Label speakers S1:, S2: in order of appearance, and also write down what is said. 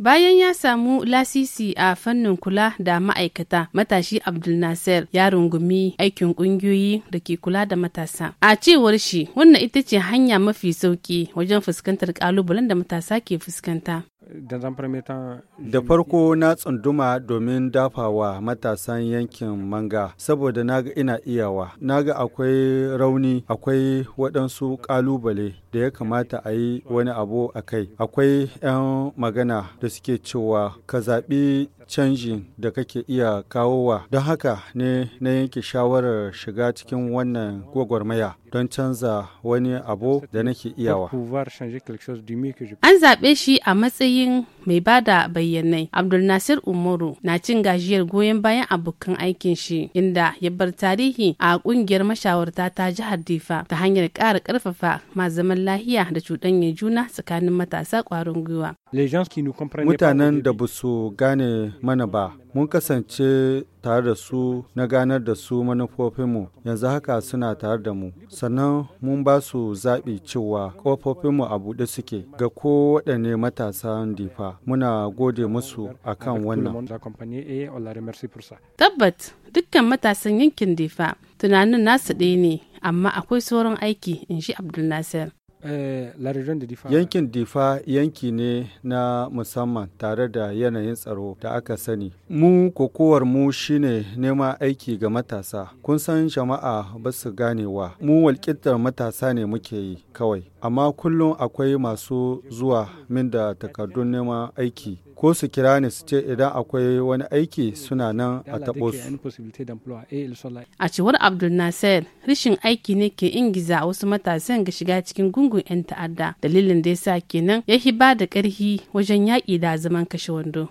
S1: Bayan ya samu lasisi a fannin kula da ma'aikata, matashi Abdulnasir ya rungumi aikin ƙungiyoyi da ke kula da matasa. A cewar shi, wannan ita ce hanya mafi sauƙi wajen fuskantar ƙalubalen da matasa ke fuskanta.
S2: Da farko na tsunduma domin dafawa matasan yankin manga saboda naga ina iyawa. Naga akwai rauni, akwai waɗansu ƙalubale da ya kamata a yi wani abu a kai. Akwai 'yan magana da suke cewa ka zaɓi canjin da kake iya kawowa. Don haka ne na yanke shawarar shiga cikin wannan gwagwarmaya. don canza wani abu da nake iyawa. An
S1: zaɓe shi a matsayin mai ba da bayyanai. Abdul Nasir Umaru na cin gajiyar goyon bayan abokan aikin shi inda ya bar tarihi a ƙungiyar mashawarta ta jihar Difa ta hanyar ƙara ƙarfafa ma zaman lahiya da cuɗanyar juna tsakanin matasa ƙwarin gwiwa.
S2: Mutanen da ba su gane mana ba, mun kasance tare da su na ganar da su manufofinmu, yanzu haka suna tare da mu. sannan mun ba su zaɓi cewa ƙofofinmu a buɗe suke ga ko waɗanne matasan difa muna gode musu a kan wannan
S1: tabbat dukkan matasan yankin difa tunanin nasu ɗaya ne amma akwai sauran aiki in shi abdulnasir
S2: Eh, Yankin Difa yanki ne na musamman tare da yanayin tsaro da aka sani. Mu kokowar mu shine nema aiki ga matasa. Kun san jama'a ba su ganewa. Mu walƙitar matasa ne muke yi kawai. Amma kullum akwai masu zuwa min da takardun nema aiki. Ko su kira ni su ce idan akwai wani aiki suna nan a taɓo su.
S1: A eh, cewar Abdul nasir rashin aiki ne ke ingiza wasu matasan ga shiga cikin gungun lungun 'yan ta'adda dalilin da ya sa kenan ya ba da ƙarfi wajen yaƙi da zaman kashe wando.